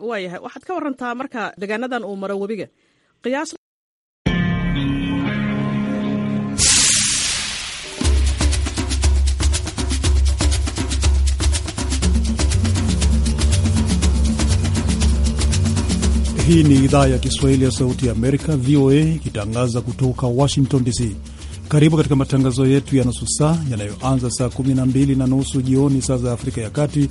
waayahay waxaad ka warantaa marka degaanadan uu maro webiga qiyaas Hii ni idhaa ya Kiswahili ya Sauti ya Amerika, VOA, ikitangaza kutoka Washington DC. Karibu katika matangazo yetu ya nusu saa yanayoanza saa 12 na nusu jioni saa za Afrika ya Kati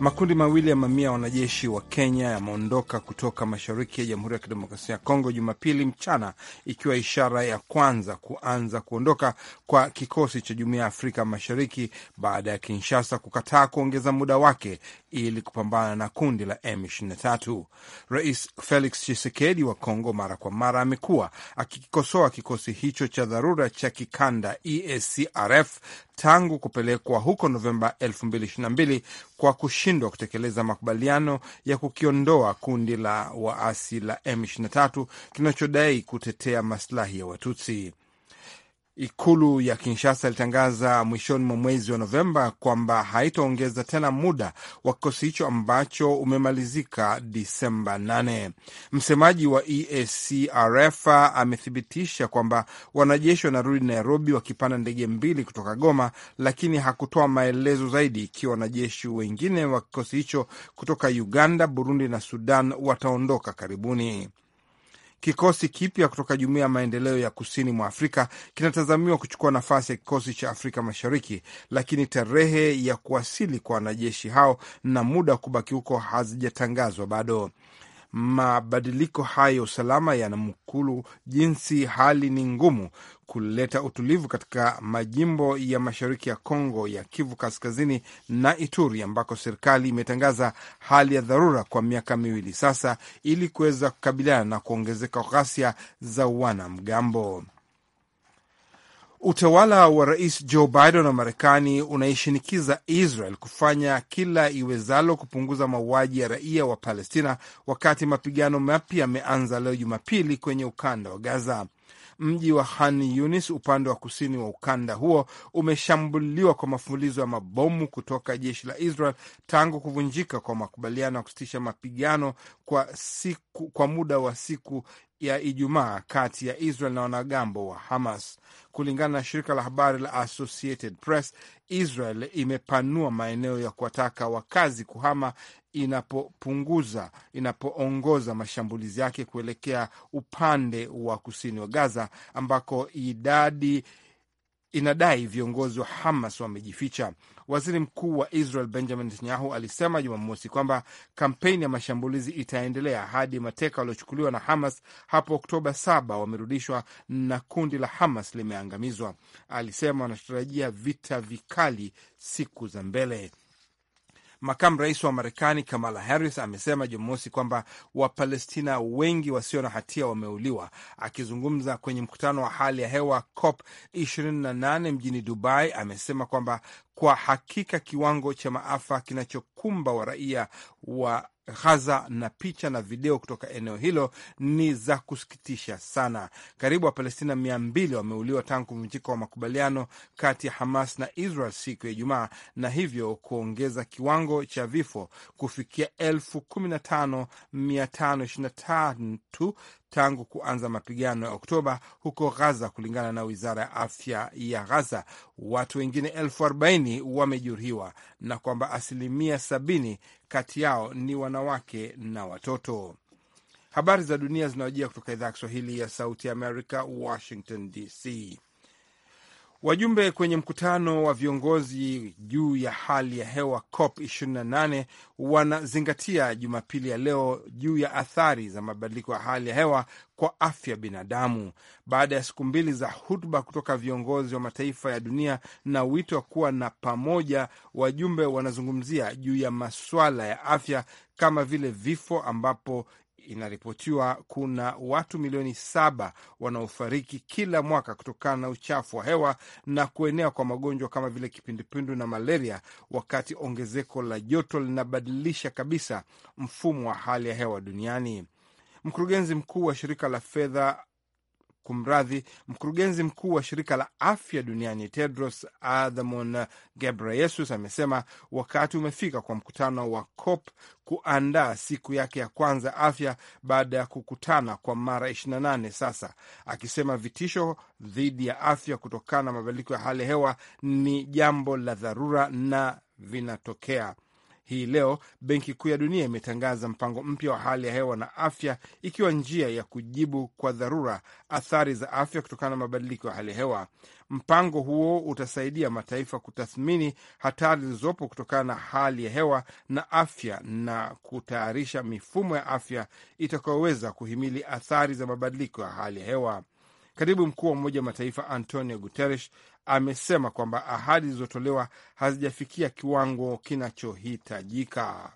Makundi mawili ya mamia wanajeshi wa Kenya yameondoka kutoka mashariki ya Jamhuri ya Kidemokrasia ya Kongo Jumapili mchana, ikiwa ishara ya kwanza kuanza kuondoka kwa kikosi cha Jumuiya ya Afrika Mashariki baada ya Kinshasa kukataa kuongeza muda wake ili kupambana na kundi la M23. Rais Felix Tshisekedi wa Kongo mara kwa mara amekuwa akikikosoa kikosi hicho cha dharura cha kikanda EACRF tangu kupelekwa huko Novemba 2022 kwa kushindwa kutekeleza makubaliano ya kukiondoa kundi la waasi la M23 kinachodai kutetea maslahi ya Watutsi. Ikulu ya Kinshasa ilitangaza mwishoni mwa mwezi wa Novemba kwamba haitaongeza tena muda wa kikosi hicho ambacho umemalizika Disemba 8. Msemaji wa EACRF amethibitisha kwamba wanajeshi wanarudi Nairobi wakipanda ndege mbili kutoka Goma, lakini hakutoa maelezo zaidi ikiwa wanajeshi wengine wa kikosi hicho kutoka Uganda, Burundi na Sudan wataondoka karibuni. Kikosi kipya kutoka Jumuiya ya Maendeleo ya Kusini mwa Afrika kinatazamiwa kuchukua nafasi ya kikosi cha Afrika Mashariki, lakini tarehe ya kuwasili kwa wanajeshi hao na muda wa kubaki huko hazijatangazwa bado. Mabadiliko hayo ya usalama yanamkulu jinsi hali ni ngumu kuleta utulivu katika majimbo ya mashariki ya Kongo ya Kivu Kaskazini na Ituri ambako serikali imetangaza hali ya dharura kwa miaka miwili sasa ili kuweza kukabiliana na kuongezeka ghasia za wanamgambo. Utawala wa Rais Joe Biden wa Marekani unaishinikiza Israel kufanya kila iwezalo kupunguza mauaji ya raia wa Palestina wakati mapigano mapya yameanza leo Jumapili kwenye ukanda wa Gaza. Mji wa Han Yunis upande wa kusini wa ukanda huo umeshambuliwa kwa mafululizo ya mabomu kutoka jeshi la Israel tangu kuvunjika kwa makubaliano ya kusitisha mapigano kwa, siku, kwa muda wa siku ya Ijumaa kati ya Israel na wanagambo wa Hamas. Kulingana na shirika la habari la Associated Press, Israel imepanua maeneo ya kuwataka wakazi kuhama inapopunguza inapoongoza mashambulizi yake kuelekea upande wa kusini wa Gaza ambako idadi inadai viongozi wa Hamas wamejificha. Waziri Mkuu wa Israel Benjamin Netanyahu alisema Jumamosi kwamba kampeni ya mashambulizi itaendelea hadi mateka waliochukuliwa na Hamas hapo Oktoba saba wamerudishwa na kundi la Hamas limeangamizwa. Alisema wanatarajia vita vikali siku za mbele. Makamu rais wa Marekani Kamala Harris amesema Jumamosi kwamba Wapalestina wengi wasio na hatia wameuliwa, akizungumza kwenye mkutano wa hali ya hewa COP 28 mjini Dubai. Amesema kwamba kwa hakika kiwango cha maafa kinachokumba wa raia wa Ghaza na picha na video kutoka eneo hilo ni za kusikitisha sana. Karibu Wapalestina mia mbili wameuliwa tangu kuvunjika wa makubaliano kati ya Hamas na Israel siku ya Ijumaa, na hivyo kuongeza kiwango cha vifo kufikia elfu kumi na tano mia tano ishirini na tatu tangu kuanza mapigano ya Oktoba huko ghaza kulingana na wizara ya afya ya ghaza Watu wengine elfu arobaini wamejeruhiwa na kwamba asilimia sabini kati yao ni wanawake na watoto. Habari za dunia zinaojia kutoka idhaa ya Kiswahili ya Sauti ya Amerika, Washington DC. Wajumbe kwenye mkutano wa viongozi juu ya hali ya hewa COP 28 wanazingatia Jumapili ya leo juu ya athari za mabadiliko ya hali ya hewa kwa afya binadamu, baada ya siku mbili za hutuba kutoka viongozi wa mataifa ya dunia na wito wa kuwa na pamoja. Wajumbe wanazungumzia juu ya maswala ya afya kama vile vifo, ambapo inaripotiwa kuna watu milioni saba wanaofariki kila mwaka kutokana na uchafu wa hewa na kuenea kwa magonjwa kama vile kipindupindu na malaria, wakati ongezeko la joto linabadilisha kabisa mfumo wa hali ya hewa duniani. Mkurugenzi mkuu wa shirika la fedha Kumradhi, mkurugenzi mkuu wa shirika la afya duniani Tedros Adhamon Ghebreyesus amesema wakati umefika kwa mkutano wa COP kuandaa siku yake ya kwanza afya baada ya kukutana kwa mara 28 sasa, akisema vitisho dhidi ya afya kutokana na mabadiliko ya hali ya hewa ni jambo la dharura na vinatokea. Hii leo Benki Kuu ya Dunia imetangaza mpango mpya wa hali ya hewa na afya, ikiwa njia ya kujibu kwa dharura athari za afya kutokana na mabadiliko ya hali ya hewa. Mpango huo utasaidia mataifa kutathmini hatari zilizopo kutokana na hali ya hewa na afya na kutayarisha mifumo ya afya itakayoweza kuhimili athari za mabadiliko ya hali ya hewa. Katibu mkuu wa Umoja wa Mataifa Antonio Guterres amesema kwamba ahadi zilizotolewa hazijafikia kiwango kinachohitajika.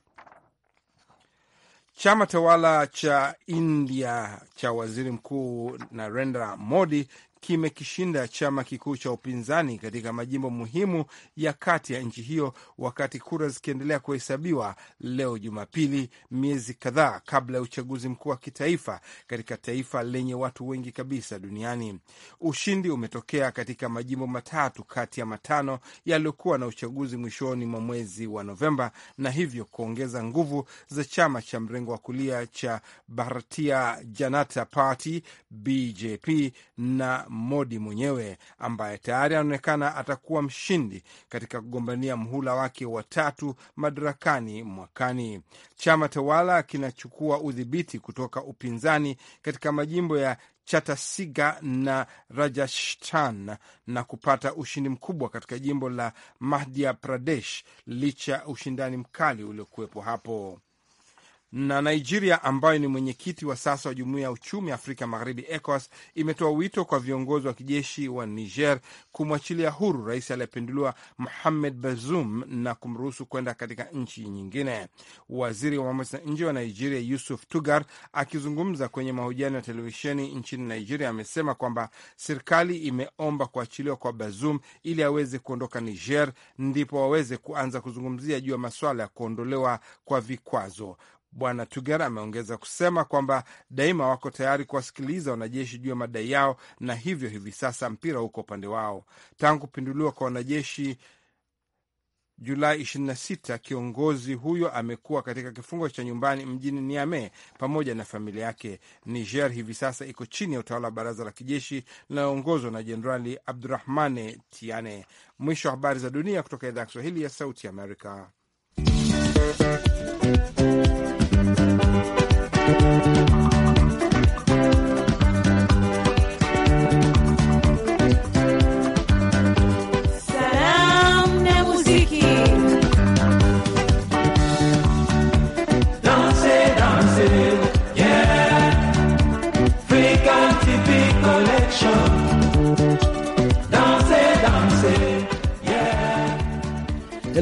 Chama tawala cha India cha waziri mkuu Narendra Modi kimekishinda chama kikuu cha upinzani katika majimbo muhimu ya kati ya nchi hiyo, wakati kura zikiendelea kuhesabiwa leo Jumapili, miezi kadhaa kabla ya uchaguzi mkuu wa kitaifa katika taifa lenye watu wengi kabisa duniani. Ushindi umetokea katika majimbo matatu kati ya matano yaliyokuwa na uchaguzi mwishoni mwa mwezi wa Novemba, na hivyo kuongeza nguvu za chama cha mrengo wa kulia cha Bharatiya Janata Party BJP na Modi mwenyewe ambaye tayari anaonekana atakuwa mshindi katika kugombania mhula wake wa tatu madarakani mwakani. Chama tawala kinachukua udhibiti kutoka upinzani katika majimbo ya Chatasiga na Rajasthan na kupata ushindi mkubwa katika jimbo la Madhya Pradesh licha ya ushindani mkali uliokuwepo hapo na Nigeria ambayo ni mwenyekiti wa sasa wa jumuiya ya uchumi ya Afrika Magharibi, ECOWAS, imetoa wito kwa viongozi wa kijeshi wa Niger kumwachilia huru rais aliyepinduliwa Mohamed Bazoum na kumruhusu kwenda katika nchi nyingine. Waziri wa mambo ya nje wa Nigeria Yusuf Tugar, akizungumza kwenye mahojiano ya televisheni nchini Nigeria, amesema kwamba serikali imeomba kuachiliwa kwa Bazoum ili aweze kuondoka Niger, ndipo waweze kuanza kuzungumzia juu ya masuala ya kuondolewa kwa vikwazo. Bwana Tuger ameongeza kusema kwamba daima wako tayari kuwasikiliza wanajeshi juu ya madai yao, na hivyo hivi sasa mpira uko upande wao. Tangu kupinduliwa kwa wanajeshi Julai 26, kiongozi huyo amekuwa katika kifungo cha nyumbani mjini Niamey pamoja na familia yake. Niger hivi sasa iko chini ya utawala wa baraza la kijeshi linaloongozwa na Jenerali Abdurahmane Tiane. Mwisho wa habari za dunia kutoka idhaa ya Kiswahili ya Sauti Amerika. Thank you.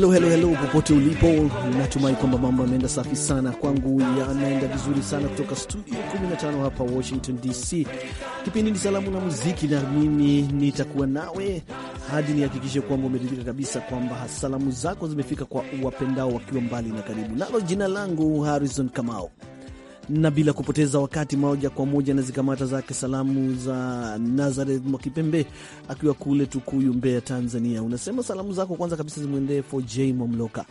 Helo, helo, helo popote ulipo, natumai kwamba mambo yameenda safi sana. Kwangu yanaenda vizuri sana, kutoka studio 15 hapa Washington DC. Kipindi ni salamu na muziki, na mimi nitakuwa nawe hadi nihakikishe kwamba umeridhika kabisa kwamba salamu zako zimefika kwa wapendao wakiwa mbali na karibu. Nalo jina langu Harrison Kamau na bila kupoteza wakati, moja kwa moja na zikamata zake salamu za Nazareth Mwakipembe akiwa kule Tukuyu, Mbeya, Tanzania. Unasema salamu zako kwanza kabisa zimwendee J Mwamloka.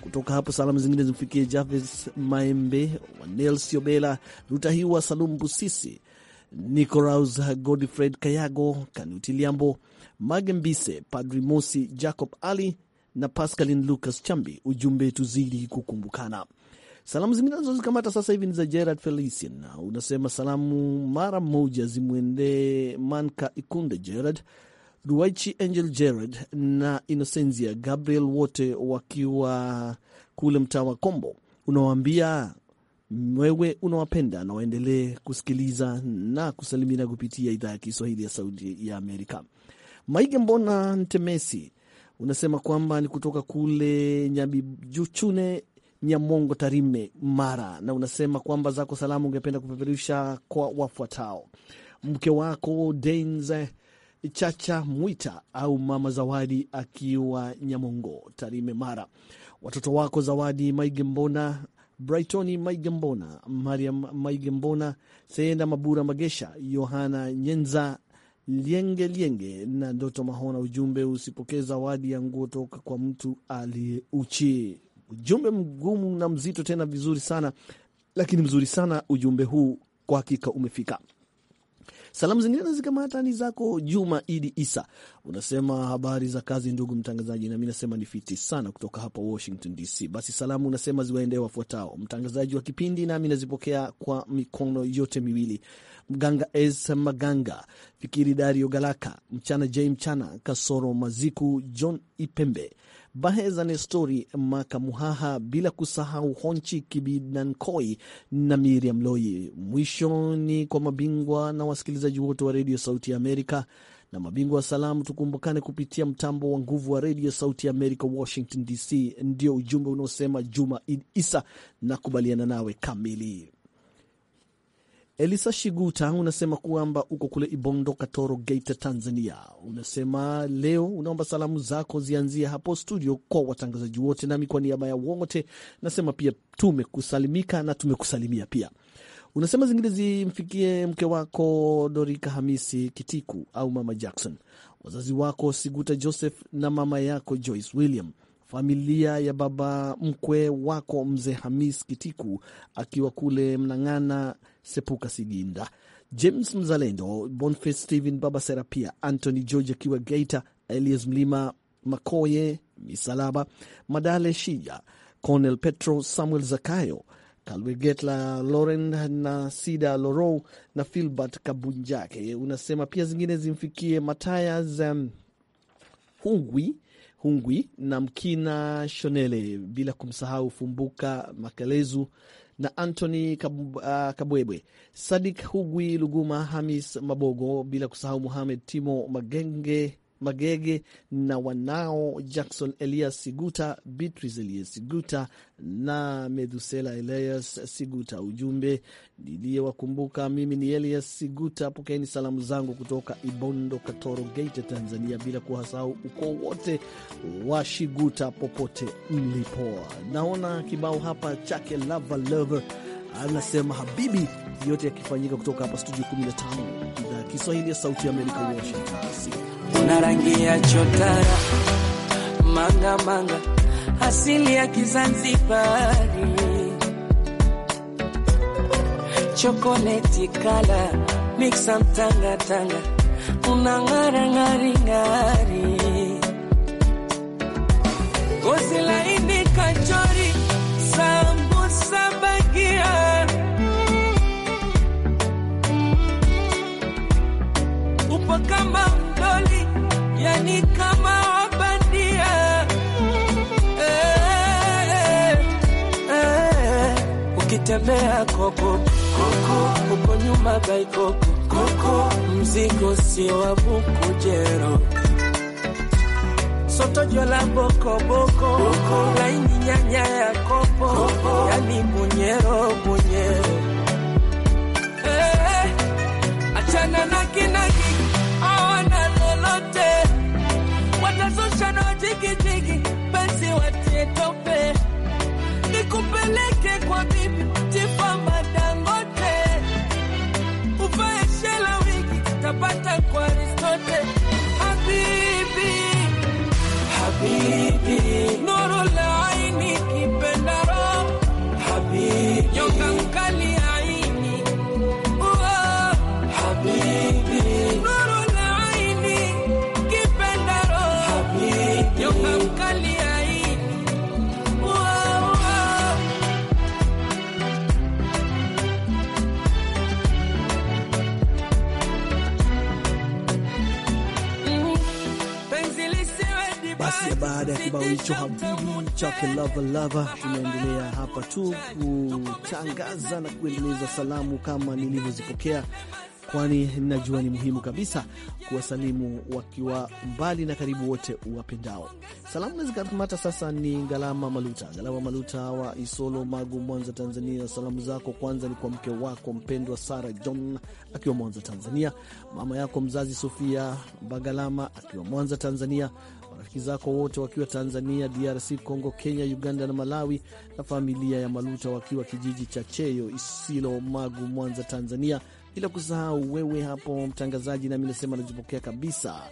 Kutoka hapo salamu zingine zimfikie Javes Maembe wa Yobela Rutahiwa, Salum Busisi, Nicolas Godfred Kayago, Kanuti Liambo, Magembise, Padri Mosi, Jacob Ali na Pascalin Lucas Chambi. Ujumbe, tuzidi kukumbukana. Salamu zinazozikamata sasa hivi ni za Gerard Felician, unasema salamu mara moja zimwendee Manka Ikunde, Gerard duaichi Angel Gerard na Inocenzia Gabriel, wote wakiwa kule mtaa wa Kombo. Unawaambia wewe unawapenda na waendelee kusikiliza na kusalimina kupitia idhaa ya Kiswahili ya Sauti ya Amerika. Maige Mbona Ntemesi unasema kwamba ni kutoka kule Nyabijuchune Nyamongo Tarime, Mara, na unasema kwamba zako salamu ungependa kupeperusha kwa wafuatao: mke wako Dens Chacha Mwita au mama Zawadi akiwa Nyamongo Tarime, Mara, watoto wako Zawadi maige Mbona, Brightoni mbona Mariam Maigembona, Seenda Mabura Magesha, Yohana Nyenza Lienge Lienge na Ndoto Mahona. Ujumbe, usipokee zawadi ya nguo toka kwa mtu aliyeuchi. Ujumbe mgumu na mzito tena vizuri sana, lakini mzuri sana ujumbe huu kwa hakika umefika. Salamu zingine nazikamata ni zako Juma Idi Isa, unasema habari za kazi ndugu mtangazaji, nami nasema ni fiti sana kutoka hapa Washington DC. Basi salamu unasema ziwaendee wafuatao, mtangazaji wa kipindi, nami nazipokea kwa mikono yote miwili, Mganga Es Maganga, Fikiri Dario Galaka, Mchana J Mchana, Kasoro Maziku, John Ipembe, Baheza Nestori Makamuhaha, bila kusahau Honchi Kibinankoi na Miriam Loi. Mwishoni kwa mabingwa na wasikilizaji wote wa redio Sauti ya Amerika na mabingwa wa salamu, tukumbukane kupitia mtambo wa nguvu wa redio Sauti ya Amerika, Washington DC. Ndio ujumbe unaosema Juma Id Isa, nakubaliana nawe kamili. Elisa Shiguta unasema kwamba uko kule Ibondo, Katoro, Geita, Tanzania. Unasema leo unaomba salamu zako zianzia hapo studio kwa watangazaji wote, nami kwa niaba ya wote nasema pia tumekusalimika na tumekusalimia pia. Unasema zingine zimfikie mke wako Dorika Hamisi Kitiku au Mama Jackson, wazazi wako Siguta Joseph na mama yako Joyce William familia ya baba mkwe wako mzee Hamis Kitiku akiwa kule Mnang'ana Sepuka Siginda, James Mzalendo, Boniface Stephen, baba Serapia, Anthony George akiwa Geita, Elias Mlima Makoye Misalaba, Madale Shija, Cornel Petro, Samuel Zakayo, Kalwegetla Loren na Sida Loro na Filbert Kabunjake. Unasema pia zingine zimfikie mataya za um, Hungwi Hungwi na Mkina Shonele, bila kumsahau Fumbuka Makelezu na antony uh, Kabwebwe, Sadik Hugwi Luguma, Hamis Mabogo, bila kusahau Muhamed Timo Magenge Magege na wanao Jackson Elias Siguta, Beatrice Elias Siguta na Methusela Elias Siguta. Ujumbe niliyewakumbuka mimi ni Elias Siguta, pokeeni salamu zangu kutoka Ibondo, Katoro, Geita, Tanzania, bila kuwasahau ukoo wote wa Shiguta popote mlipo. Naona kibao hapa chake lavalove Lover anasema habibi, yote yakifanyika kutoka hapa studio 15 idhaa ya Kiswahili ya Sauti ya Amerika, Washington DC. Una rangi ya chotara manga manga, asili ya Kizanzibari, chokoleti kala mixa mtanga una ng'ara ng'ari ng'ari, ngozi laini kachori saa kama mdoli, yani kama wabandia. Hey, eh, eh, hey, hey. Ukitembea koko koko, uko nyuma gaikoko koko, mzigo si wa bukujero soto jola boko boko laini nyanya ya kopo, yani munyero munyero jigijigi, basi watie tope, nikupeleke kwa bibi Tifamba Dangote, uvae shela wigi, tapata kwa Aristote habibi, habibi no. kibao hicho Habibi chake Lava Lava. Tunaendelea hapa tu kutangaza na kuendeleza salamu kama nilivyozipokea, kwani najua ni muhimu kabisa kuwasalimu wakiwa mbali na karibu wote wapendao. Salamu na zikamata sasa ni Ngalama Maluta. Ngalama Maluta wa Isolo, Magu, Mwanza, Tanzania. Salamu zako kwanza ni kwa mke wako mpendwa Sara John akiwa Mwanza, Tanzania, mama yako mzazi Sofia Bagalama akiwa Mwanza, Tanzania, marafiki zako wote wakiwa Tanzania, DRC Congo, Kenya, Uganda na Malawi, na familia ya Maluta wakiwa kijiji cha Cheyo Isilo Magu, Mwanza, Tanzania, bila kusahau wewe hapo mtangazaji. Nami nasema najipokea kabisa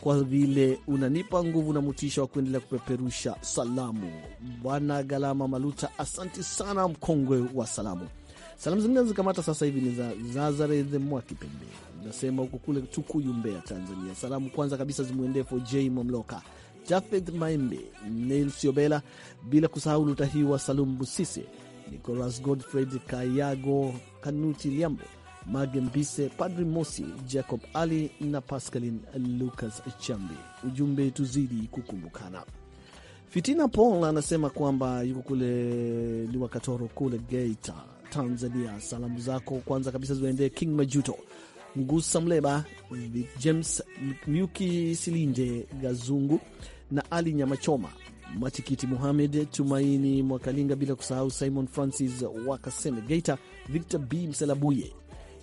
kwa vile unanipa nguvu na mutisha wa kuendelea kupeperusha salamu. Bwana Galama Maluta, asante sana, mkongwe wa salamu. Salamu zingine zikamata sasa hivi ni za Nazareth Mwaki nasema huko kule Tukuyu, Mbeya, Tanzania. Salamu kwanza kabisa zimwendefo J Mamloka, Jafeth Maembe, Neil Siobela, bila kusahau Lutahiwa Salum Busise, Nicolas Godfred Kayago, Kanuti Liambo, Magembise, Padri Mosi, Jacob Ali na Pascalin Lucas Chambi. Ujumbe tuzidi kukumbukana. Fitina Paul anasema kwamba yuko kule Liwakatoro kule Geita Tanzania. Salamu zako kwanza kabisa ziwaendee King Majuto, Ngusa Mleba, James Myuki, Silinde Gazungu na Ali Nyamachoma, Matikiti Muhamed, Tumaini Mwakalinga, bila kusahau Simon Francis Wakaseme Geita, Victor B Mselabuye,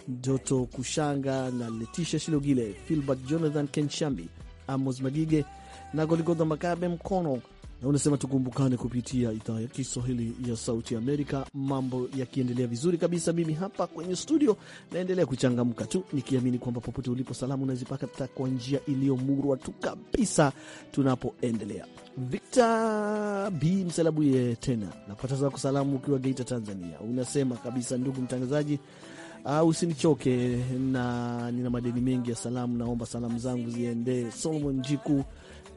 Doto Kushanga na Letisha Shilogile, Filbert Jonathan Kenshambi, Amos Magige na Goligodha Makabe Mkono na unasema tukumbukane kupitia idhaa ya Kiswahili ya Sauti Amerika. Mambo yakiendelea vizuri kabisa, mimi hapa kwenye studio naendelea kuchangamka tu nikiamini kwamba popote ulipo salamu unazipata kwa njia iliyomurwa tu kabisa. Tunapoendelea, Victor B Msalabuye tena napata zako salamu ukiwa Geita, Tanzania. Unasema kabisa, ndugu mtangazaji Uh, usinichoke na nina madeni mengi ya salamu. Naomba salamu zangu ziendee Solomon Jiku,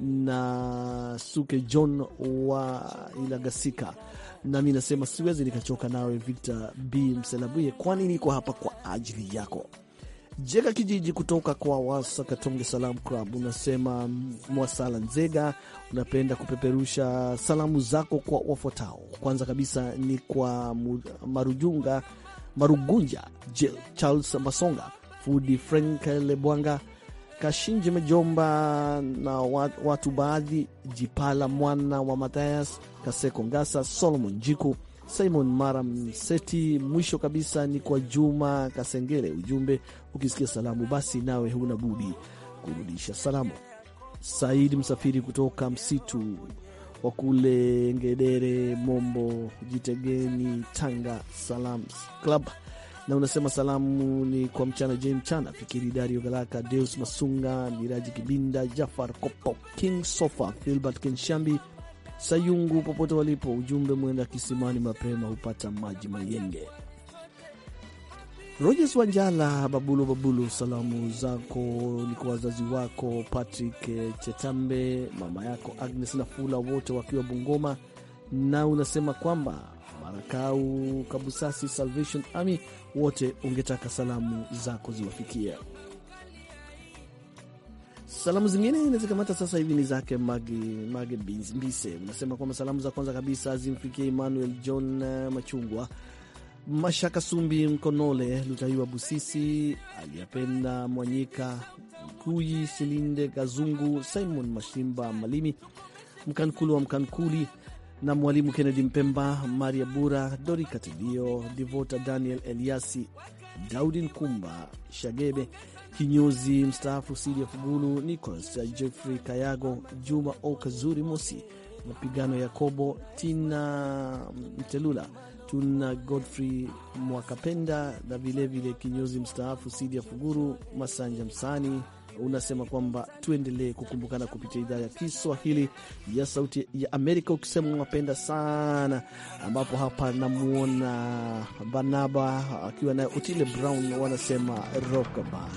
na Suke John wa Ilagasika. Nami nasema siwezi nikachoka nawe Victor B Mselabuye, kwani niko hapa kwa ajili yako. Jega kijiji kutoka kwa Wasakatonge Salam Club unasema Mwasala Nzega, unapenda kupeperusha salamu zako kwa wafuatao. Kwanza kabisa ni kwa Marujunga Marugunja Charles Masonga Fudi Frank Lebwanga Kashinje mejomba na watu baadhi, Jipala mwana wa matayas Kaseko Ngasa, Solomon Jiku, Simon Mara Mseti. Mwisho kabisa ni kwa Juma Kasengere. Ujumbe, ukisikia salamu basi nawe huna budi kurudisha salamu. Saidi Msafiri kutoka msitu wa kule Ngedere, Mombo, Jitegeni, Tanga. Salam Club na unasema salamu ni kwa mchana je, mchana Fikiri Dario Galaka, Deus Masunga, Miraji Kibinda, Jafar Kopo, King Sofa, Filbert Kenshambi Sayungu popote walipo. Ujumbe, mwenda kisimani mapema hupata maji mayenge. Rogers Wanjala Babulu Babulu, salamu zako ni kwa wazazi wako Patrick Chetambe, mama yako Agnes Nafula, wote wakiwa Bungoma, na unasema kwamba Marakau Kabusasi Salvation Army, wote ungetaka salamu zako ziwafikia. Salamu zingine inazikamata sasa hivi ni zake Mage, Mage Mbise. Unasema kwamba salamu za kwanza kabisa zimfikie Emmanuel John eh, Machungwa, Mashaka Sumbi, Mkonole Lutaiwa, Busisi Aliyapenda, Mwanyika Mkuyi, Silinde Kazungu, Simon Mashimba Malimi, Mkankulu wa Mkankuli na Mwalimu Kennedy Mpemba, Maria Bura, Dori Katelio, Divota Daniel Eliasi, Daudi Nkumba Shagebe, kinyozi mstaafu Siria Fugulu, Nicolas Jeffrey Kayago, Juma Okazuri Mosi, Mapigano Yakobo, Tina Mtelula, tuna Godfrey Mwakapenda na vilevile kinyozi mstaafu Sidia Fuguru, Masanja Msani unasema kwamba tuendelee kukumbukana kupitia idhaa ya Kiswahili ya Sauti ya Amerika, ukisema unapenda sana, ambapo hapa namwona Banaba akiwa naye Otile Brown wanasema rock band.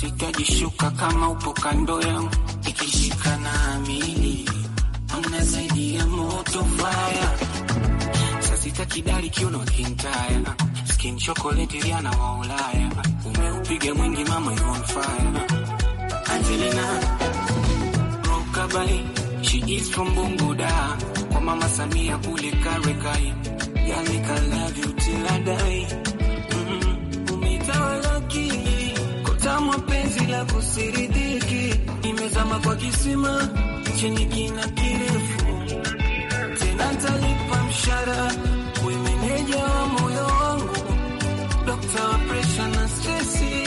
Sitajishuka kama upo kando yangu na amili na zaidi ya moto fire sasita dali kiuno kintaya skin chocolate riana wa Ulaya umeupiga mwingi mama you on fire Angelina Rokabai she is from Bunguda kwa mama Samia kule Karekai yani I love you till I die mm -hmm. la kusiridiki imezama kwa kisima chenye kina kirefu tena talipa mshara kuimeneja wa moyo wangu dokta wa presha na stresi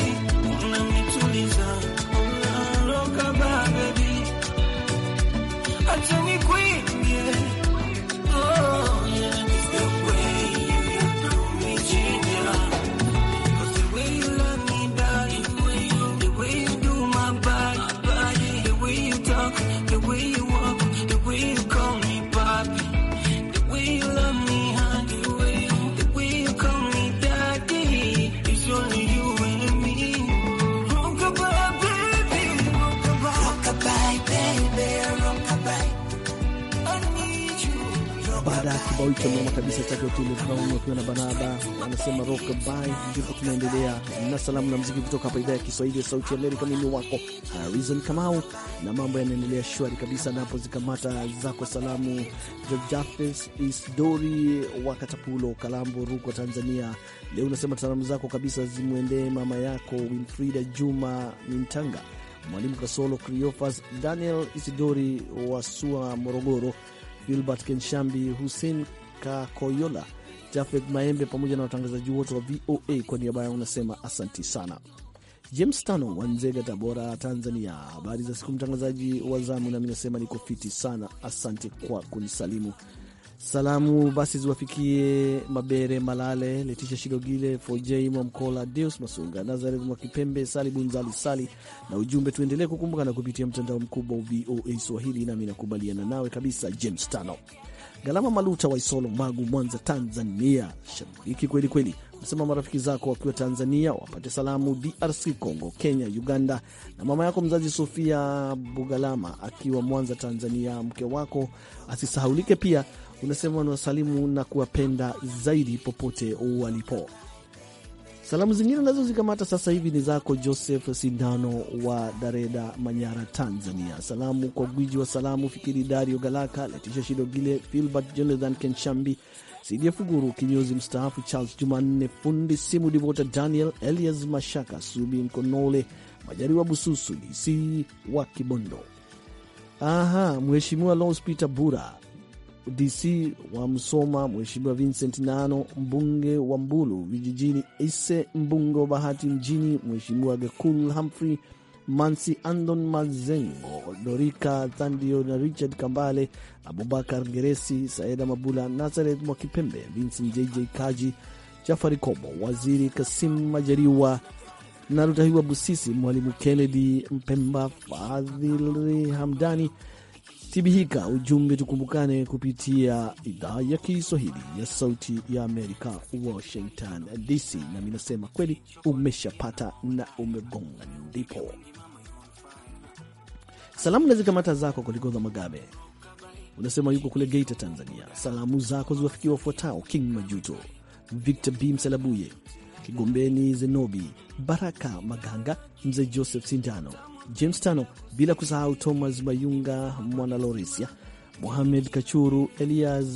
salamu na mziki kutoka hapa idhaa ya Kiswahili ya Sauti Amerika. Mimi wako Harizon Kamau, na mambo yanaendelea shwari kabisa. Napo zikamata zako salamu, Jojafes Isdori wa Katapulo, Kalambo, Rukwa, Tanzania. Leo unasema salamu zako kabisa zimwendee mama yako Winfrida Juma Mintanga, Mwalimu Kasolo, Criofas Daniel Isidori wa Sua, Morogoro, Gilbert Kenshambi, Hussein Kakoyola Jafet Maembe pamoja na watangazaji wote wa VOA. Kwa niaba yao unasema asanti sana. James Tano wa Nzega, Tabora, Tanzania, habari za siku mtangazaji wa zamu, nami nasema niko fiti sana, asante kwa kunisalimu. Salamu basi ziwafikie Mabere Malale, Letisha Shilogile, Foj Mwamkola, Deus Masunga, Nazareth Mwakipembe, Sali Bunzali Sali, na ujumbe tuendelee kukumbukana kupitia mtandao mkubwa wa VOA Swahili. Nami nakubaliana nawe kabisa, James Tano. Galama Maluta wa Isolo, Magu, Mwanza, Tanzania. Shabiki kweli kweli, nasema marafiki zako wakiwa Tanzania wapate salamu DRC Congo, Kenya, Uganda na mama yako mzazi Sofia Bugalama akiwa Mwanza, Tanzania. Mke wako asisahaulike pia, unasema unawasalimu na kuwapenda zaidi popote walipo. Salamu zingine nazo zikamata sasa hivi ni zako Joseph Sindano wa Dareda, Manyara, Tanzania. Salamu kwa gwiji wa salamu Fikiri Dario Galaka, Letisha Shidogile, Filbert Jonathan Kenshambi, Sidia Fuguru kinyozi mstaafu, Charles Jumanne fundi simu, Divota Daniel Elias Mashaka, Subi Mkonole, Majariwa Bususu DC wa Kibondo. Aha, Mheshimiwa Los Peter Bura DC wa Msoma, Mheshimiwa Vincent Nano, mbunge wa Mbulu vijijini Ise Mbungo Bahati mjini, Mheshimiwa Gekul Humphrey Mansi, Andon Mazengo, Dorika Thandio na Richard Kambale, Abubakar Geresi, Saeda Mabula, Nazareth Mwakipembe, Vincent JJ Kaji, Jafari Kobo, Waziri Kasim majariwa na Rutahiwa Busisi, Mwalimu Kennedy Mpemba, Fadhili Hamdani Tibihika ujumbe tukumbukane, kupitia idhaa ya Kiswahili ya Sauti ya Amerika, Washington DC. Nami nasema kweli, umeshapata na umegonga. Ndipo salamu na zikamata zako Kolikoza Magabe, unasema yuko kule Geita, Tanzania. Salamu zako ziwafikia wafuatao: King Majuto, Victor B Mselabuye, Kigombeni Zenobi, Baraka Maganga, Mzee Joseph Sindano James Tano, bila kusahau Thomas Mayunga, mwana Lorisia, Mohamed Kachuru, Elias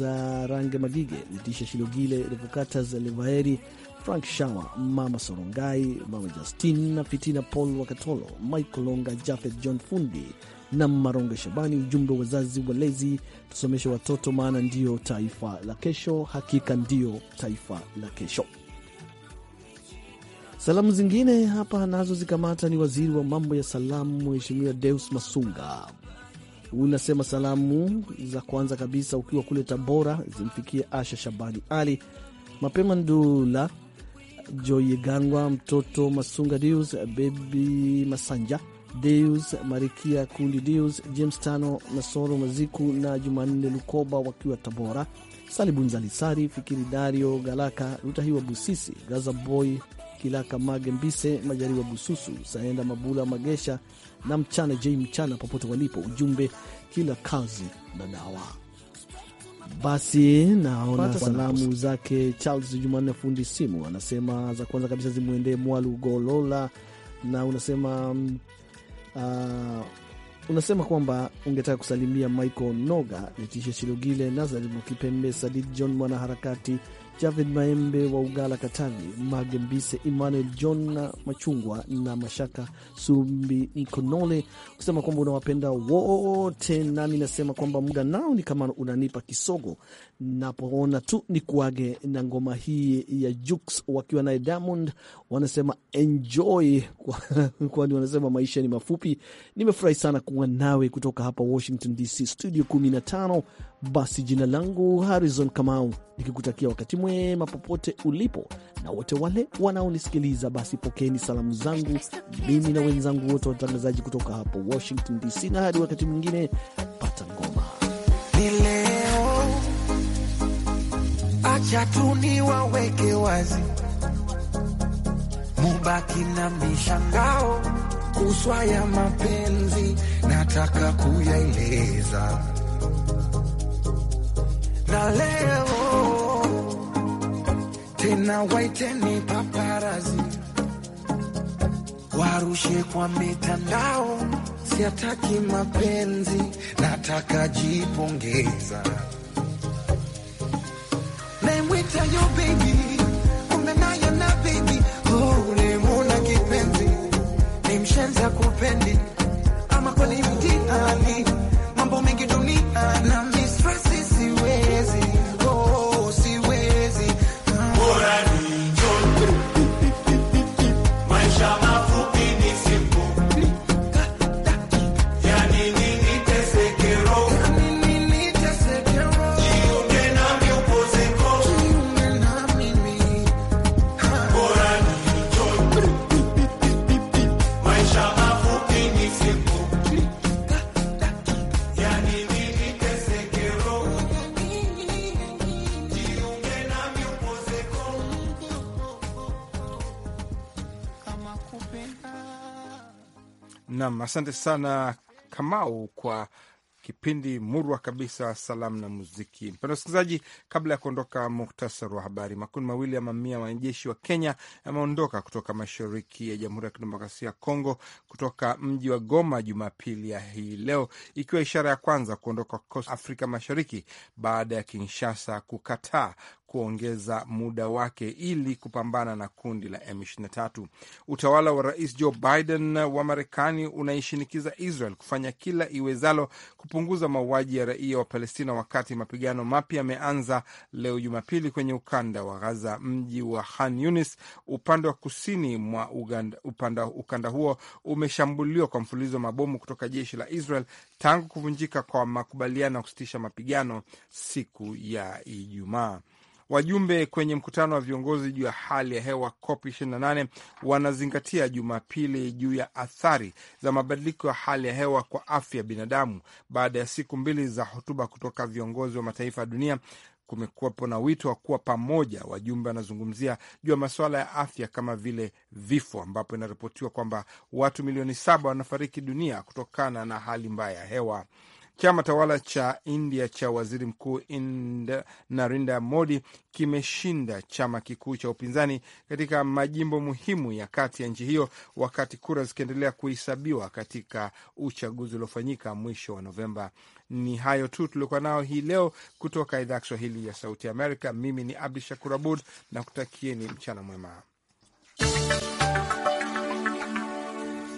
Range Magige, Letisha Shilogile, Revocatas Levaeri, Frank Shawa, Mama Sorongai, Mama Justin na Fitina Paul Wakatolo, Michael Longa, Jafet John Fundi na maronge Shabani. Ujumbe wazazi walezi, tusomeshe watoto, maana ndiyo taifa la kesho. Hakika ndiyo taifa la kesho. Salamu zingine hapa nazo zikamata ni waziri wa mambo ya salamu, Mheshimiwa Deus Masunga. Unasema salamu za kwanza kabisa ukiwa kule Tabora zimfikie Asha Shabani Ali mapema Ndula Joyegangwa, mtoto Masunga, Deus Bebi Masanja, Deus Marikia Kundi, Deus James Tano, Nasoro Maziku na Jumanne Lukoba wakiwa Tabora, Salibunzalisari Fikiri Dario Galaka Rutahiwa Busisi Gaza Boy Kilaka Mage Mbise, Majaliwa Bususu, Saenda Mabula Magesha na Mchana J Mchana popote walipo. Ujumbe kila kazi na dawa. Basi naona salamu zake Charles Jumanne fundi simu, anasema za kwanza kabisa zimwendee Mwalu Golola na unasema mm, uh, unasema kwamba ungetaka kusalimia Michael Noga, Letisha Shilogile, Nazari Mukipembe, Sadid John mwanaharakati Javid Maembe wa Ugala Katavi, Magembise Emmanuel John na Machungwa na Mashaka Sumbi Nkonole kusema kwamba unawapenda wote, nami nasema kwamba muda nao ni kama unanipa kisogo, napoona tu ni kuage na ngoma hii ya Jux wakiwa naye Diamond, wanasema enjoy kwani wanasema maisha ni mafupi. Nimefurahi sana kuwa nawe kutoka hapa Washington DC, studio 15. Basi jina langu Harrison Kamau nikikutakia wakati mwema popote ulipo, na wote wale wanaonisikiliza, basi pokeeni salamu zangu mimi na wenzangu wote watangazaji kutoka hapa Washington DC, na hadi wakati mwingine, pata ngoma ni leo. Acha tu niwaweke wazi, mubaki na mishangao kuswa ya mapenzi, nataka kuyaeleza na leo tena waiteni paparazi warushe kwa mitandao, siataki mapenzi, nataka jipongeza. Naimwita yo bebi, kumbe naye na bebi, oh, muna kipenzi, ni mshenza kupendi, ama kweli mtihani, mambo mengi duniani Nam, asante sana Kamau kwa kipindi murwa kabisa, salamu na muziki. Mpendwa msikilizaji, kabla ya kuondoka, muktasari wa habari. Makundi mawili ya mamia wanajeshi wa Kenya yameondoka kutoka mashariki ya Jamhuri ya Kidemokrasia ya Kongo kutoka mji wa Goma Jumapili ya hii leo, ikiwa ishara ya kwanza kuondoka kwa Afrika Mashariki baada ya Kinshasa kukataa kuongeza muda wake ili kupambana na kundi la M23. Utawala wa Rais Joe Biden wa Marekani unaishinikiza Israel kufanya kila iwezalo kupunguza mauaji ya raia wa Palestina, wakati mapigano mapya yameanza leo Jumapili kwenye ukanda wa Gaza, mji wa Khan Yunis upande wa kusini mwa Uganda. Upanda ukanda huo umeshambuliwa kwa mfululizo wa mabomu kutoka jeshi la Israel tangu kuvunjika kwa makubaliano ya kusitisha mapigano siku ya Ijumaa. Wajumbe kwenye mkutano wa viongozi juu ya hali ya hewa COP 28 wanazingatia Jumapili juu ya athari za mabadiliko ya hali ya hewa kwa afya ya binadamu. Baada ya siku mbili za hotuba kutoka viongozi wa mataifa ya dunia, kumekuwepo na wito wa kuwa pamoja. Wajumbe wanazungumzia juu ya masuala ya afya kama vile vifo, ambapo inaripotiwa kwamba watu milioni saba wanafariki dunia kutokana na hali mbaya ya hewa. Chama tawala cha India cha waziri mkuu Narendra Modi kimeshinda chama kikuu cha upinzani katika majimbo muhimu ya kati ya nchi hiyo, wakati kura zikiendelea kuhesabiwa katika uchaguzi uliofanyika mwisho wa Novemba. Ni hayo tu tuliokuwa nao hii leo kutoka idhaa ya Kiswahili ya Sauti Amerika. Mimi ni Abdu Shakur Abud na kutakieni mchana mwema.